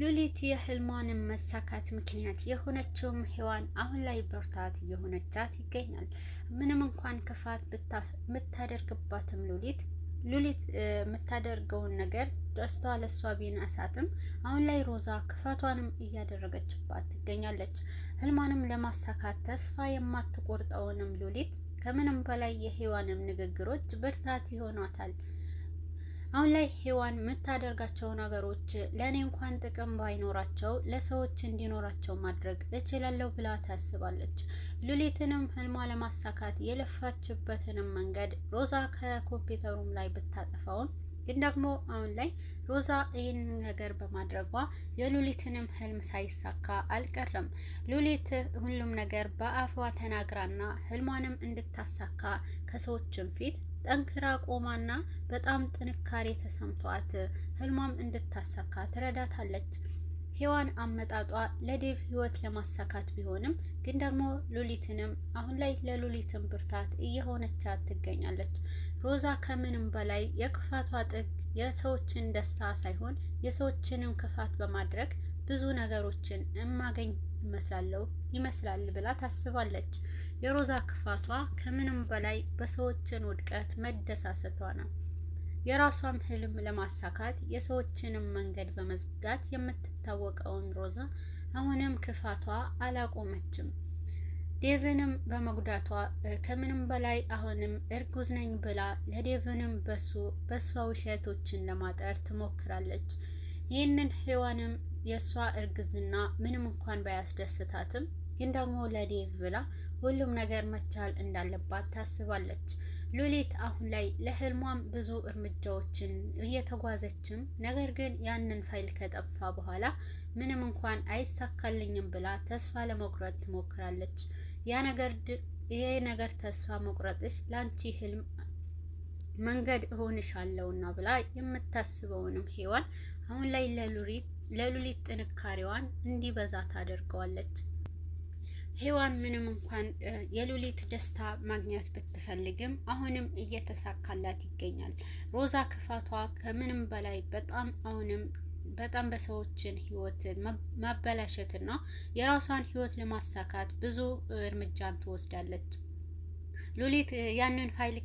ሉሊት የህልሟንም መሳካት ምክንያት የሆነችውም ሔዋን አሁን ላይ ብርታት እየሆነቻት ይገኛል። ምንም እንኳን ክፋት ምታደርግባትም ሉሊት ሉሊት የምታደርገውን ነገር ደስቷ ለሷ ቢነሳትም አሁን ላይ ሮዛ ክፋቷንም እያደረገችባት ትገኛለች። ህልሟንም ለማሳካት ተስፋ የማትቆርጠውንም ሉሊት ከምንም በላይ የሔዋንም ንግግሮች ብርታት ይሆኗታል። አሁን ላይ ሔዋን የምታደርጋቸው ነገሮች ለእኔ እንኳን ጥቅም ባይኖራቸው ለሰዎች እንዲኖራቸው ማድረግ እችላለሁ ብላ ታስባለች። ሉሊትንም ህልሟ ለማሳካት የለፋችበትንም መንገድ ሮዛ ከኮምፒውተሩም ላይ ብታጠፋውን ግን ደግሞ አሁን ላይ ሮዛ ይህን ነገር በማድረጓ የሉሊትንም ህልም ሳይሳካ አልቀረም። ሉሊት ሁሉም ነገር በአፏ ተናግራና ህልሟንም እንድታሳካ ከሰዎችም ፊት ጠንክራ ቆማና በጣም ጥንካሬ ተሰምቷት ህልሟም እንድታሳካ ትረዳታለች። ሔዋን አመጣጧ ለዴቭ ህይወት ለማሳካት ቢሆንም ግን ደግሞ ሉሊትንም አሁን ላይ ለሉሊትን ብርታት እየሆነቻት ትገኛለች። ሮዛ ከምንም በላይ የክፋቷ ጥግ የሰዎችን ደስታ ሳይሆን የሰዎችንም ክፋት በማድረግ ብዙ ነገሮችን እማገኝ ይመስላለው ይመስላል ብላ ታስባለች። የሮዛ ክፋቷ ከምንም በላይ በሰዎችን ውድቀት መደሳሰቷ ነው። የራሷም ህልም ለማሳካት የሰዎችንም መንገድ በመዝጋት የምትታወቀውን ሮዛ አሁንም ክፋቷ አላቆመችም። ዴቭንም በመጉዳቷ ከምንም በላይ አሁንም እርጉዝ ነኝ ብላ ለዴቭንም በሱ በሷ ውሸቶችን ለማጠር ትሞክራለች። ይህንን ሔዋንም የእሷ እርግዝና ምንም እንኳን ባያስደስታትም ግን ደግሞ ለዴቭ ብላ ሁሉም ነገር መቻል እንዳለባት ታስባለች። ሉሊት አሁን ላይ ለህልሟም ብዙ እርምጃዎችን እየተጓዘችም፣ ነገር ግን ያንን ፋይል ከጠፋ በኋላ ምንም እንኳን አይሳካልኝም ብላ ተስፋ ለመቁረጥ ትሞክራለች። ያ ነገር ነገር ተስፋ መቁረጥሽ ለአንቺ ህልም መንገድ እሆንሻለሁና ብላ የምታስበውንም ሄዋን አሁን ላይ ለሉሊት ለሉሊት ጥንካሬዋን እንዲበዛ ታደርገዋለች። ሔዋን ምንም እንኳን የሉሊት ደስታ ማግኘት ብትፈልግም አሁንም እየተሳካላት ይገኛል። ሮዛ ክፋቷ ከምንም በላይ በጣም አሁንም በጣም በሰዎችን ሕይወት ማበላሸትና የራሷን ህይወት ለማሳካት ብዙ እርምጃን ትወስዳለች። ሉሊት ያንን ፋይል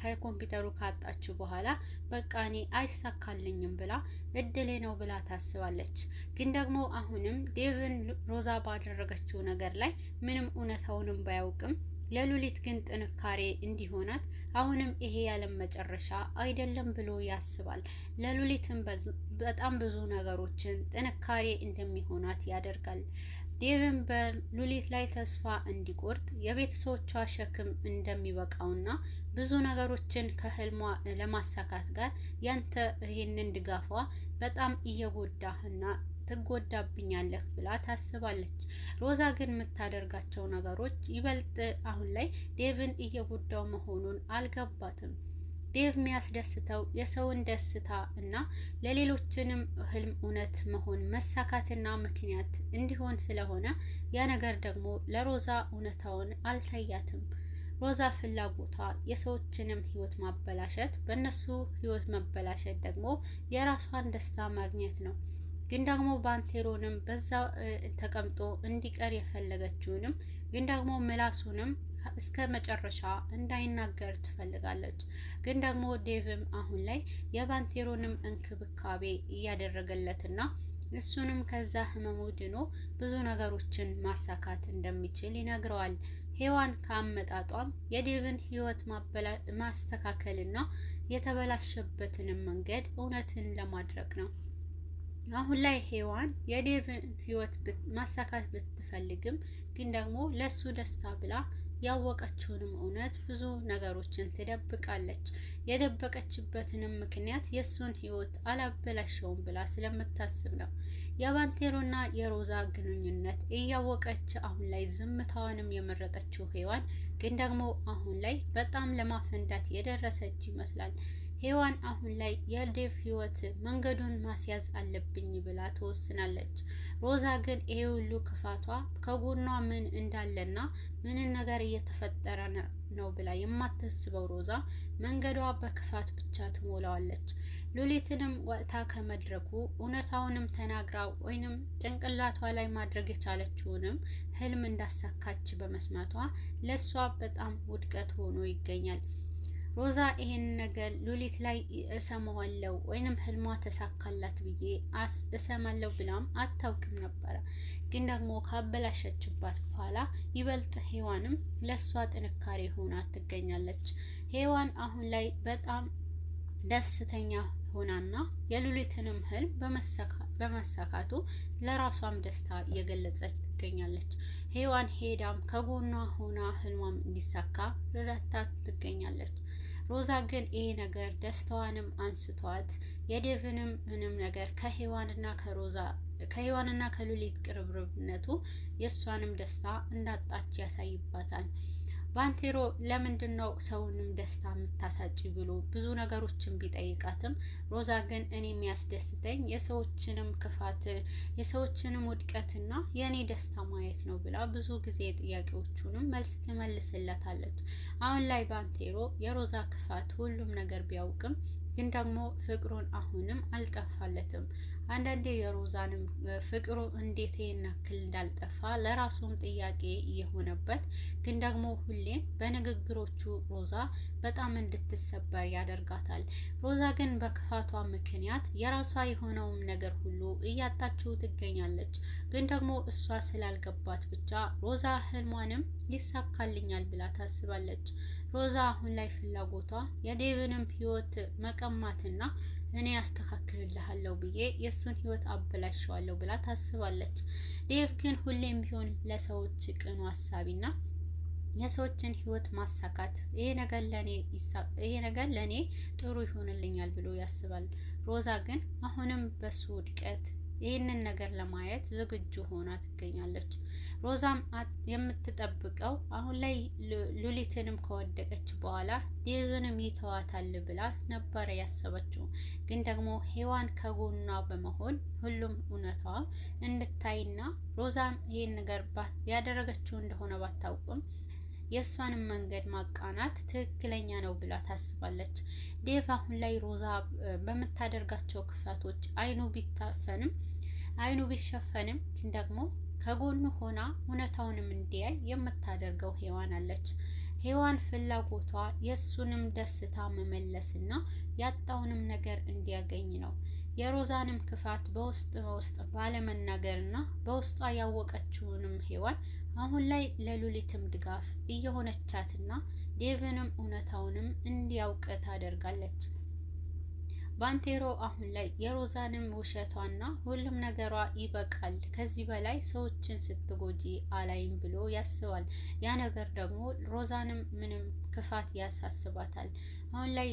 ከኮምፒውተሩ ካጣችው በኋላ በቃ እኔ አይሳካልኝም ብላ እድሌ ነው ብላ ታስባለች። ግን ደግሞ አሁንም ዴቭን ሮዛ ባደረገችው ነገር ላይ ምንም እውነታውንም ባያውቅም ለሉሊት ግን ጥንካሬ እንዲሆናት አሁንም ይሄ ያለም መጨረሻ አይደለም ብሎ ያስባል። ለሉሊትም በጣም ብዙ ነገሮችን ጥንካሬ እንደሚሆናት ያደርጋል። ዴቭን በሉሊት ላይ ተስፋ እንዲቆርጥ የቤተሰቦቿ ሸክም እንደሚበቃውና ብዙ ነገሮችን ከህልሟ ለማሳካት ጋር ያንተ ይህንን ድጋፏ በጣም እየጎዳህና ትጎዳብኛለህ ብላ ታስባለች። ሮዛ ግን የምታደርጋቸው ነገሮች ይበልጥ አሁን ላይ ዴቭን እየጎዳው መሆኑን አልገባትም። ዴቭ የሚያስደስተው የሰውን ደስታ እና ለሌሎችንም ህልም እውነት መሆን መሳካትና ምክንያት እንዲሆን ስለሆነ ያ ነገር ደግሞ ለሮዛ እውነታውን አልታያትም። ሮዛ ፍላጎቷ የሰዎችንም ህይወት ማበላሸት፣ በእነሱ ህይወት መበላሸት ደግሞ የራሷን ደስታ ማግኘት ነው። ግን ደግሞ ባንቴሮንም በዛ ተቀምጦ እንዲቀር የፈለገችውንም ግን ደግሞ ምላሱንም እስከ መጨረሻ እንዳይናገር ትፈልጋለች። ግን ደግሞ ዴቭም አሁን ላይ የባንቴሮንም እንክብካቤ እያደረገለትና እሱንም ከዛ ህመሙ ድኖ ብዙ ነገሮችን ማሳካት እንደሚችል ይነግረዋል። ሄዋን ከአመጣጧም የዴቭን ህይወት ማስተካከልና የተበላሸበትንም መንገድ እውነትን ለማድረግ ነው። አሁን ላይ ሄዋን የዴቭን ህይወት ማሳካት ብትፈልግም ግን ደግሞ ለሱ ደስታ ብላ ያወቀችውንም እውነት ብዙ ነገሮችን ትደብቃለች። የደበቀችበትንም ምክንያት የእሱን ህይወት አላበላሸውም ብላ ስለምታስብ ነው። የባንቴሮና የሮዛ ግንኙነት እያወቀች አሁን ላይ ዝምታዋንም የመረጠችው ሔዋን ግን ደግሞ አሁን ላይ በጣም ለማፈንዳት የደረሰች ይመስላል። ሔዋን አሁን ላይ የዴቭ ህይወት መንገዱን ማስያዝ አለብኝ ብላ ትወስናለች። ሮዛ ግን ይሄ ሁሉ ክፋቷ ከጎኗ ምን እንዳለና ምን ነገር እየተፈጠረ ነው ብላ የማታስበው ሮዛ መንገዷ በክፋት ብቻ ትሞላዋለች። ሉሊትንም ወጥታ ከመድረኩ እውነታውንም ተናግራ ወይንም ጭንቅላቷ ላይ ማድረግ የቻለችውንም ህልም እንዳሳካች በመስማቷ ለእሷ በጣም ውድቀት ሆኖ ይገኛል። ሮዛ ይሄን ነገር ሉሊት ላይ እሰማዋለሁ ወይንም ህልሟ ተሳካላት ብዬ እሰማለው ብላም አታውቅም ነበረ። ግን ደግሞ ካበላሸችባት በኋላ ይበልጥ ሄዋንም ለእሷ ጥንካሬ ሆና ትገኛለች። ሄዋን አሁን ላይ በጣም ደስተኛ ሆናና የሉሊትንም ህልም በመሳካቱ ለራሷም ደስታ እየገለጸች ትገኛለች። ሄዋን ሄዳም ከጎኗ ሆና ህልሟም እንዲሳካ ረዳታት ትገኛለች። ሮዛ ግን ይሄ ነገር ደስታዋንም አንስቷት የዴቭንም ምንም ነገር ከሄዋንና ከሮዛ ከሄዋንና ከሉሊት ቅርብርብነቱ የእሷንም ደስታ እንዳጣች ያሳይባታል። ባንቴሮ ለምንድን ነው ሰውንም ደስታ የምታሳጭ ብሎ ብዙ ነገሮችን ቢጠይቃትም ሮዛ ግን እኔ የሚያስደስተኝ የሰዎችንም ክፋት የሰዎችንም ውድቀትና የእኔ ደስታ ማየት ነው ብላ ብዙ ጊዜ ጥያቄዎቹንም መልስ ትመልስለታለች። አሁን ላይ ባንቴሮ የሮዛ ክፋት ሁሉም ነገር ቢያውቅም ግን ደግሞ ፍቅሩን አሁንም አልጠፋለትም። አንዳንዴ የሮዛንም ፍቅሩ እንዴት ይናክል እንዳልጠፋ ለራሱም ጥያቄ የሆነበት ግን ደግሞ ሁሌም በንግግሮቹ ሮዛ በጣም እንድትሰበር ያደርጋታል። ሮዛ ግን በክፋቷ ምክንያት የራሷ የሆነውም ነገር ሁሉ እያጣችው ትገኛለች። ግን ደግሞ እሷ ስላልገባት ብቻ ሮዛ ህልሟንም ይሳካልኛል ብላ ታስባለች። ሮዛ አሁን ላይ ፍላጎቷ የዴቭንም ህይወት መቀማትና እኔ ያስተካክልልሃለሁ ብዬ የእሱን ህይወት አበላሸዋለሁ ብላ ታስባለች። ዴቭ ግን ሁሌም ቢሆን ለሰዎች ቅኑ አሳቢና የሰዎችን ህይወት ማሳካት ይሄ ነገር ለኔ ጥሩ ይሆንልኛል ብሎ ያስባል። ሮዛ ግን አሁንም በሱ ውድቀት ይህንን ነገር ለማየት ዝግጁ ሆና ትገኛለች። ሮዛም የምትጠብቀው አሁን ላይ ሉሊትንም ከወደቀች በኋላ ዴዝንም ይተዋታል ብላ ነበረ ያሰበችው። ግን ደግሞ ሄዋን ከጎኗ በመሆን ሁሉም እውነቷ እንድታይና ሮዛም ይህን ነገር ያደረገችው እንደሆነ ባታውቅም የእሷንም መንገድ ማቃናት ትክክለኛ ነው ብላ ታስባለች። ዴቭ አሁን ላይ ሮዛ በምታደርጋቸው ክፋቶች አይኑ ቢታፈንም አይኑ ቢሸፈንም ግን ደግሞ ከጎኑ ሆና እውነታውንም እንዲያይ የምታደርገው ሔዋን አለች። ሔዋን ፍላጎቷ የእሱንም ደስታ መመለስና ያጣውንም ነገር እንዲያገኝ ነው። የሮዛንም ክፋት በውስጥ በውስጥ ባለመናገርና በውስጧ ያወቀችውንም ሄዋን አሁን ላይ ለሉሊትም ድጋፍ እየሆነቻትና ዴቭንም እውነታውንም እንዲያውቅ ታደርጋለች። ባንቴሮ አሁን ላይ የሮዛንም ውሸቷና ሁሉም ነገሯ ይበቃል፣ ከዚህ በላይ ሰዎችን ስትጎጂ አላይም ብሎ ያስባል። ያ ነገር ደግሞ ሮዛንም ምንም ክፋት ያሳስባታል። አሁን ላይ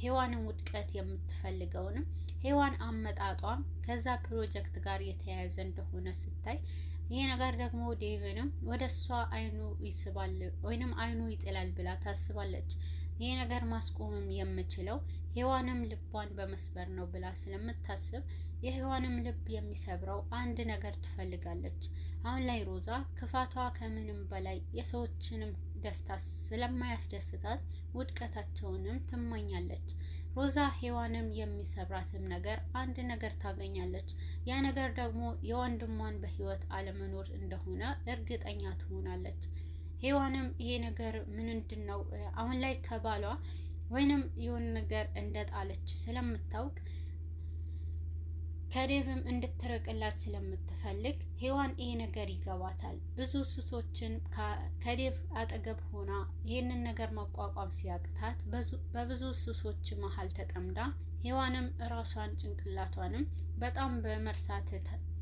ሔዋንን ውድቀት የምትፈልገውንም ሔዋን አመጣጧም ከዛ ፕሮጀክት ጋር የተያያዘ እንደሆነ ስታይ ይሄ ነገር ደግሞ ዴቭንም ወደ እሷ አይኑ ይስባል ወይንም አይኑ ይጥላል ብላ ታስባለች። ይሄ ነገር ማስቆምም የምችለው ሔዋንም ልቧን በመስበር ነው ብላ ስለምታስብ የሔዋንም ልብ የሚሰብረው አንድ ነገር ትፈልጋለች። አሁን ላይ ሮዛ ክፋቷ ከምንም በላይ የሰዎችንም ደስታ ስለማያስደስታት ውድቀታቸውንም ትመኛለች። ሮዛ ሔዋንም የሚሰብራትም ነገር አንድ ነገር ታገኛለች። ያ ነገር ደግሞ የወንድሟን በህይወት አለመኖር እንደሆነ እርግጠኛ ትሆናለች። ሔዋንም ይሄ ነገር ምንድን ነው አሁን ላይ ከባሏ ወይንም የሆነ ነገር እንደጣለች ስለምታውቅ ከዴቭም እንድትርቅላት ስለምትፈልግ ሄዋን ይሄ ነገር ይገባታል። ብዙ ስሶችን ከዴቭ አጠገብ ሆና ይህንን ነገር መቋቋም ሲያቅታት በብዙ ስሶች መሀል ተጠምዳ ሄዋንም እራሷን ጭንቅላቷንም በጣም በመርሳት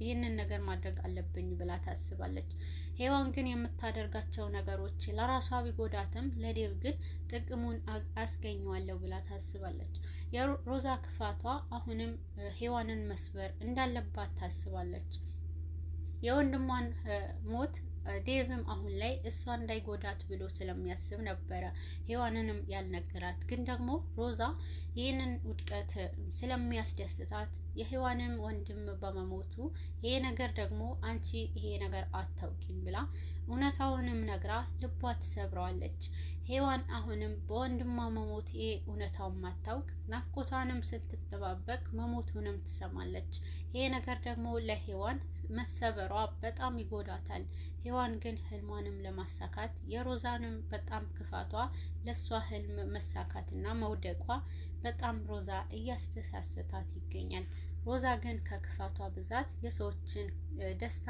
ይህንን ነገር ማድረግ አለብኝ ብላ ታስባለች። ሄዋን ግን የምታደርጋቸው ነገሮች ለራሷ ቢጎዳትም ለዴብ ግን ጥቅሙን አስገኘዋለሁ ብላ ታስባለች። የሮዛ ክፋቷ አሁንም ሄዋንን መስበር እንዳለባት ታስባለች። የወንድሟን ሞት ዴቭም አሁን ላይ እሷ እንዳይጎዳት ብሎ ስለሚያስብ ነበረ ሔዋንንም ያልነገራት። ግን ደግሞ ሮዛ ይህንን ውድቀት ስለሚያስደስታት የሔዋንም ወንድም በመሞቱ ይሄ ነገር ደግሞ አንቺ ይሄ ነገር አታውቂም ብላ እውነታውንም ነግራ ልቧ ትሰብረዋለች። ሄዋን አሁንም በወንድሟ መሞት ይሄ እውነታውን ማታውቅ ናፍቆቷንም ስትጠባበቅ መሞቱንም ትሰማለች። ይሄ ነገር ደግሞ ለሄዋን መሰበሯ በጣም ይጎዳታል። ሄዋን ግን ህልሟንም ለማሳካት የሮዛንም በጣም ክፋቷ ለእሷ ህልም መሳካትና መውደቋ በጣም ሮዛ እያስደሳሰታት ይገኛል። ሮዛ ግን ከክፋቷ ብዛት የሰዎችን ደስታ